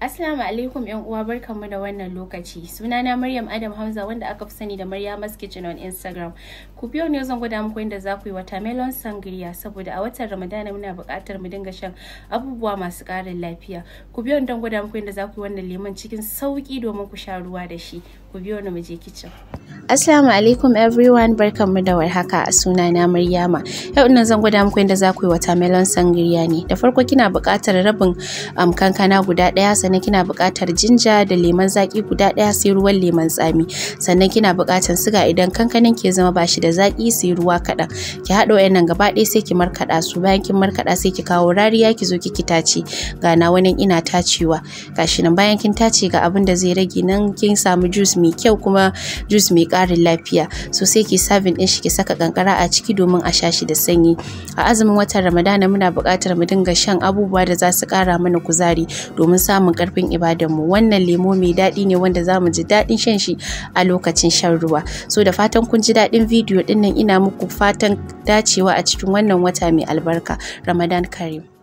Assalamu alaikum ƴan uwa barkanmu da wannan lokaci. Sunana Maryam Adam Hamza wanda aka fi sani da Maryama's Kitchen on Instagram. Ku biyo ne zan gwada muku yadda za ku yi watermelon sangria saboda a watan Ramadana muna buƙatar mu dinga shan abubuwa masu ƙarin lafiya. Ku biyo ni don gwada muku yadda za ku yi wannan lemon cikin sauƙi domin ku sha ruwa da shi. Ku biyo ni mu je kitchen. Assalamu alaikum everyone barkanmu da warhaka a suna na Maryama. Yau ina zan gwada muku yadda za ku yi watermelon sangriya ne. Da farko kina buƙatar rabin um, kankana guda ɗaya sannan kina buƙatar jinja da lemon zaƙi guda ɗaya sai ruwan lemon tsami. Sannan kina buƙatar siga idan kankanan ke zama ba shi da zaƙi sai ruwa kaɗan. Ki haɗa wayannan gaba ɗaya sai ki markaɗa su bayan kin markaɗa sai ki kawo rariya ki zo kiki tace. Ga na wani ina tacewa. Gashi nan bayan kin tace ga abin da zai rage nan kin samu juice mai kyau kuma juice mai karin lafiya so sai ki sabin ɗin shi ki saka kankara a ciki domin a sha shi da sanyi a azumin watan ramadana muna buƙatar mu dinga shan abubuwa da za su ƙara mana kuzari domin samun ƙarfin mu wannan lemo mai daɗi ne wanda za mu ji daɗin shan shi a lokacin shan ruwa so da fatan kun ji daɗin bidiyo ɗin nan ina muku fatan dacewa a cikin wannan wata mai albarka ramadan karim